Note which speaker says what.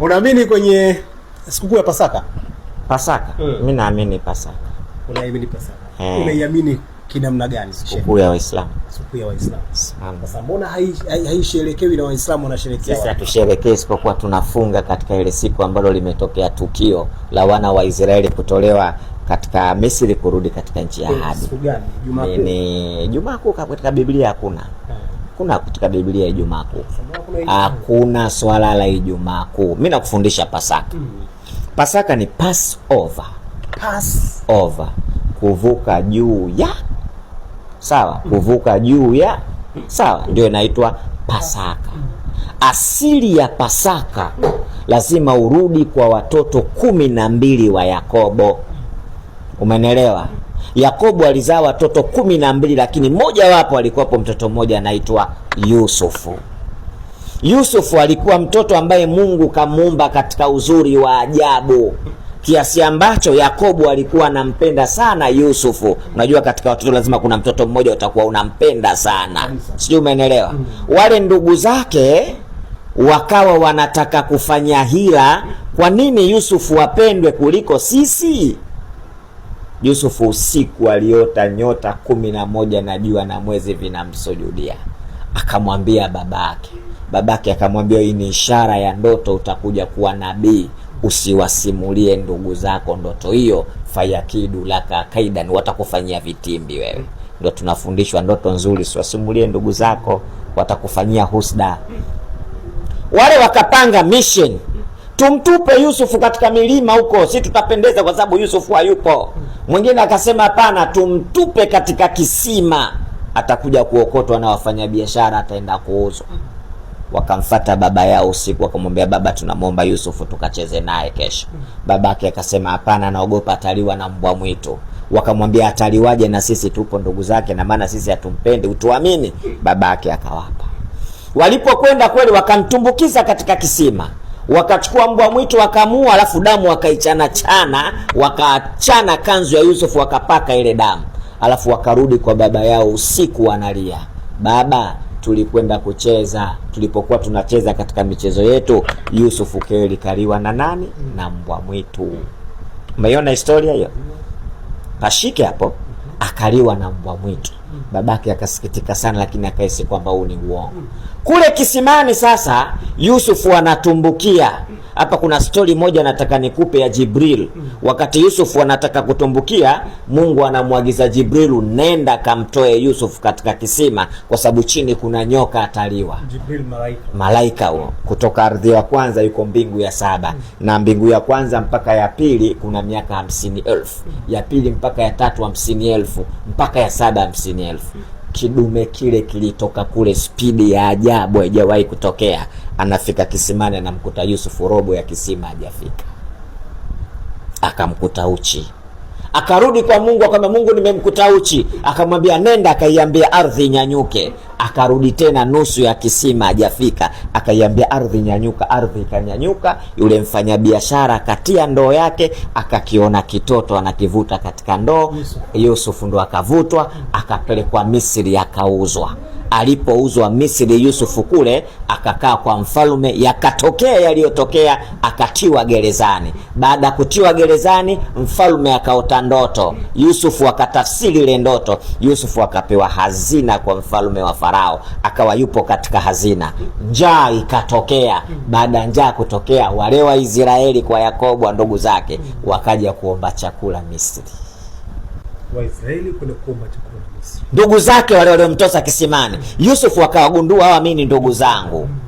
Speaker 1: Unaamini kwenye sikukuu ya Pasaka?
Speaker 2: Pasaka. mm. Eh. Mimi naamini Pasaka.
Speaker 1: Unaamini Pasaka? Hey. Eh. Unaiamini kinamna gani
Speaker 2: sikukuu ya Waislamu?
Speaker 1: Sikukuu ya Waislamu. Sasa mbona haisherekewi hai na Waislamu wanasherekea?
Speaker 2: Sisi hatusherekee isipokuwa tunafunga katika ile siku ambalo limetokea tukio la wana wa Israeli kutolewa katika Misri kurudi katika nchi ya eh,
Speaker 1: ahadi.
Speaker 2: Ni Jumaa Kuu katika Biblia hakuna. Ha. Ah hakuna katika Biblia ya Ijumaa Kuu, hakuna swala la Ijumaa Kuu. Mimi nakufundisha Pasaka. Mm. Pasaka ni pass over, pass over, kuvuka juu ya sawa, mm. kuvuka juu ya mm. sawa, ndio inaitwa Pasaka. Asili ya Pasaka lazima urudi kwa watoto kumi na mbili wa Yakobo. Umenelewa? Yakobo alizaa watoto kumi na mbili, lakini mmoja wapo alikuwapo mtoto mmoja anaitwa Yusufu. Yusufu alikuwa mtoto ambaye Mungu kamuumba katika uzuri wa ajabu kiasi ambacho Yakobo alikuwa anampenda sana Yusufu. Unajua, katika watoto lazima kuna mtoto mmoja utakuwa unampenda sana, sijui umeelewa. Mm. Wale ndugu zake wakawa wanataka kufanya hila, kwa nini Yusufu wapendwe kuliko sisi? Yusufu usiku aliota nyota kumi na moja na jua na mwezi vinamsujudia. Akamwambia babake, babake akamwambia, hii ni ishara ya ndoto, utakuja kuwa nabii, usiwasimulie ndugu zako ndoto hiyo, fayakidu laka kaidan, watakufanyia vitimbi wewe. Ndio tunafundishwa ndoto nzuri, usiwasimulie ndugu zako, watakufanyia husda. Wale wakapanga mission tumtupe Yusufu katika milima huko, si tutapendeza, kwa sababu Yusufu hayupo. Mwingine akasema hapana, tumtupe katika kisima, atakuja kuokotwa na wafanyabiashara, ataenda kuuzwa. Wakamfata baba yao usiku, wakamwambia baba, tunamwomba Yusufu tukacheze naye kesho. Babake akasema hapana, naogopa ataliwa na mbwa mwitu. Wakamwambia ataliwaje, na sisi tupo ndugu zake, na maana sisi hatumpendi, utuamini. Babake akawapa. Walipokwenda kweli, wakamtumbukiza katika kisima wakachukua mbwa mwitu wakamua, alafu damu wakaichana chana, wakachana kanzu ya Yusufu wakapaka ile damu, alafu wakarudi kwa baba yao usiku, wanalia, baba tulikwenda kucheza. Tulipokuwa tunacheza katika michezo yetu, Yusufu keli kaliwa na nani? Na mbwa mwitu. Umeiona historia hiyo, pashike hapo akaliwa na mbwa mwitu. Hmm. Babake akasikitika sana, lakini akahisi kwamba huu ni uongo. Kule kisimani sasa Yusufu anatumbukia hapa kuna stori moja nataka nikupe ya Jibril. Wakati yusuf anataka kutumbukia, Mungu anamwagiza jibril nenda kamtoe yusuf katika kisima, kwa sababu chini kuna nyoka ataliwa.
Speaker 1: Jibril malaika,
Speaker 2: malaika huo kutoka ardhi ya kwanza yuko mbingu ya saba, hmm. na mbingu ya kwanza mpaka ya pili kuna miaka hamsini elfu ya pili mpaka ya tatu hamsini elfu mpaka ya saba hamsini elfu Kidume kile kilitoka kule, spidi ya ajabu haijawahi kutokea. Anafika kisimani, anamkuta Yusufu robo ya kisima hajafika, akamkuta uchi. Akarudi kwa Mungu akamwambia, Mungu, nimemkuta uchi. Akamwambia, nenda akaiambia ardhi inyanyuke akarudi tena nusu ya kisima hajafika, akaiambia ardhi nyanyuka, ardhi ikanyanyuka. Yule mfanyabiashara akatia ndoo yake, akakiona kitoto anakivuta katika ndoo. Yusuf ndo akavutwa akapelekwa Misri akauzwa alipouzwa Misri Yusufu kule akakaa kwa mfalme, yakatokea yaliyotokea, akatiwa gerezani. Baada ya kutiwa gerezani, mfalme akaota ndoto, Yusufu akatafsiri ile ndoto. Yusufu akapewa hazina kwa mfalme wa Farao, akawa yupo katika hazina. Njaa ikatokea. Baada ya njaa kutokea, wale wa Israeli kwa Yakobo ndugu zake wakaja kuomba chakula Misri.
Speaker 1: Waisraeli kulikuwa matukio Misri.
Speaker 2: Ndugu zake wale waliomtosa kisimani, Yusufu akawagundua hawa mimi ni ndugu zangu. mm